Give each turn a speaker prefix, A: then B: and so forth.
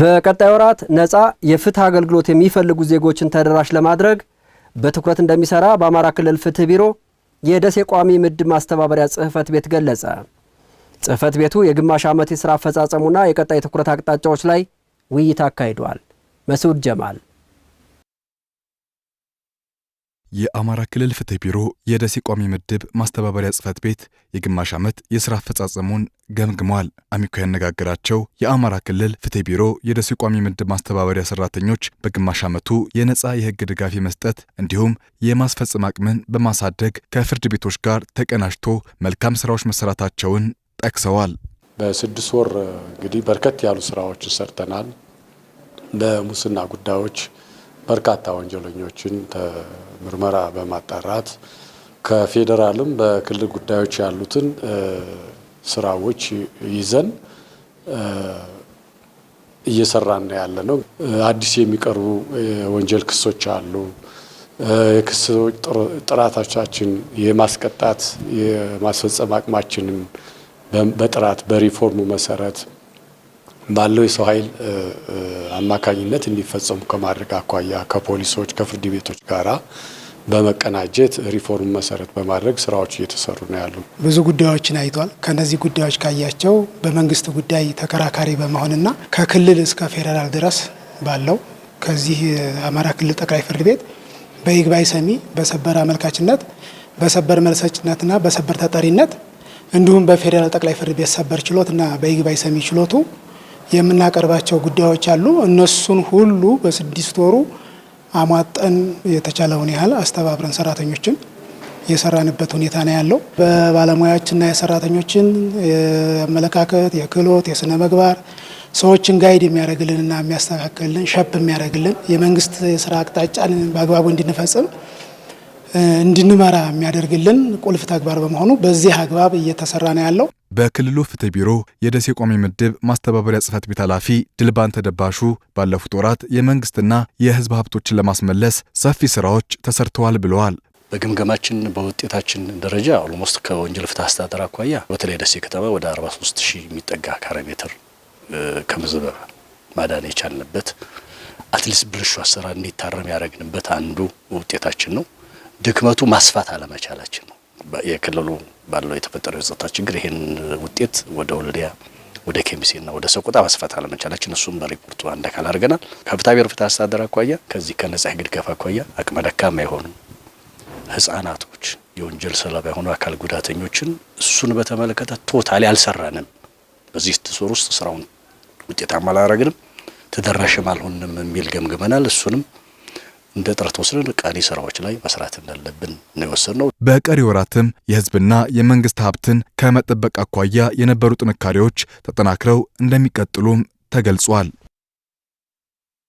A: በቀጣይ ወራት ነፃ የፍትህ አገልግሎት የሚፈልጉ ዜጎችን ተደራሽ ለማድረግ በትኩረት እንደሚሰራ በአማራ ክልል ፍትህ ቢሮ የደሴ ቋሚ ምድብ ማስተባበሪያ ጽህፈት ቤት ገለጸ። ጽህፈት ቤቱ የግማሽ ዓመት የሥራ አፈጻጸሙና የቀጣይ ትኩረት አቅጣጫዎች ላይ ውይይት አካሂዷል። መስዑድ ጀማል
B: የአማራ ክልል ፍትህ ቢሮ የደሴ ቋሚ ምድብ ማስተባበሪያ ጽህፈት ቤት የግማሽ ዓመት የሥራ አፈጻጸሙን ገምግመዋል። አሚኮ ያነጋገራቸው የአማራ ክልል ፍትህ ቢሮ የደሴ ቋሚ ምድብ ማስተባበሪያ ሠራተኞች በግማሽ ዓመቱ የነፃ የሕግ ድጋፍ መስጠት እንዲሁም የማስፈጸም አቅምን በማሳደግ ከፍርድ ቤቶች ጋር ተቀናጅቶ መልካም ሥራዎች መሰራታቸውን ጠቅሰዋል።
C: በስድስት ወር እንግዲህ በርከት ያሉ ስራዎች ሰርተናል። በሙስና ጉዳዮች በርካታ ወንጀለኞችን ምርመራ በማጣራት ከፌዴራልም በክልል ጉዳዮች ያሉትን ስራዎች ይዘን እየሰራን ነው ያለ ነው። አዲስ የሚቀርቡ የወንጀል ክሶች አሉ። የክሶች ጥራታቻችን የማስቀጣት የማስፈጸም አቅማችንን በጥራት በሪፎርሙ መሰረት ባለው የሰው ኃይል አማካኝነት እንዲፈጸሙ ከማድረግ አኳያ ከፖሊሶች ከፍርድ ቤቶች ጋራ በመቀናጀት ሪፎርም መሰረት በማድረግ ስራዎች እየተሰሩ ነው ያሉ።
D: ብዙ ጉዳዮችን አይቷል። ከነዚህ ጉዳዮች ካያቸው በመንግስት ጉዳይ ተከራካሪ በመሆንና ከክልል እስከ ፌዴራል ድረስ ባለው ከዚህ አማራ ክልል ጠቅላይ ፍርድ ቤት በይግባይ ሰሚ፣ በሰበር አመልካችነት፣ በሰበር መልሰጭነትና በሰበር ተጠሪነት እንዲሁም በፌዴራል ጠቅላይ ፍርድ ቤት ሰበር ችሎት እና በይግባይ ሰሚ ችሎቱ የምናቀርባቸው ጉዳዮች አሉ። እነሱን ሁሉ በስድስት ወሩ አሟጠን የተቻለውን ያህል አስተባብረን ሰራተኞችን የሰራንበት ሁኔታ ነው ያለው። በባለሙያዎችና የሰራተኞችን የአመለካከት፣ የክህሎት፣ የስነ ምግባር ሰዎችን ጋይድ የሚያደርግልንና የሚያስተካክልልን ሸፕ የሚያደርግልን የመንግስት የስራ አቅጣጫን በአግባቡ እንድንፈጽም እንድንመራ የሚያደርግልን ቁልፍ ተግባር በመሆኑ በዚህ አግባብ እየተሰራ ነው ያለው።
B: በክልሉ ፍትህ ቢሮ የደሴ ቋሚ ምድብ ማስተባበሪያ ጽህፈት ቤት ኃላፊ ድልባን ተደባሹ ባለፉት ወራት የመንግስትና የህዝብ ሀብቶችን ለማስመለስ ሰፊ ስራዎች ተሰርተዋል ብለዋል።
E: በግምገማችን በውጤታችን ደረጃ ኦልሞስት ከወንጀል ፍትህ አስተዳደር አኳያ በተለይ ደሴ ከተማ ወደ 43 ሺህ የሚጠጋ ካሬ ሜትር ከምዝበባ ማዳን የቻልንበት አትሊስት ብልሹ አሰራር እንዲታረም ያደረግንበት አንዱ ውጤታችን ነው። ድክመቱ ማስፋት አለመቻላችን ነው የክልሉ ባለው የተፈጠረው የጸጥታ ችግር ይሄን ውጤት ወደ ወልዲያ ወደ ኬሚሴና ወደ ሰቆጣ ማስፋት አለመቻላችን እሱም በሪፖርቱ አንድ አካል አድርገናል። ከፍትሐ ብሔር ፍትህ አስተዳደር አኳያ ከዚህ ከነጻ ግድገፍ አኳያ አቅመ ደካማ የሆኑ ህጻናቶች፣ የወንጀል ሰለባ የሆኑ አካል ጉዳተኞችን እሱን በተመለከተ ቶታሊ አልሰራንም። በዚህ ስትሶር ውስጥ ስራውን ውጤታማ አላረግንም፣ ተደራሽም አልሆንም የሚል ገምግመናል። እሱንም እንደ ጥረት ወስደን ቀሪ ስራዎች ላይ መስራት እንዳለብን ነው የወሰንነው።
B: በቀሪ ወራትም የህዝብና የመንግስት ሀብትን ከመጠበቅ አኳያ የነበሩ ጥንካሬዎች ተጠናክረው እንደሚቀጥሉም ተገልጿል።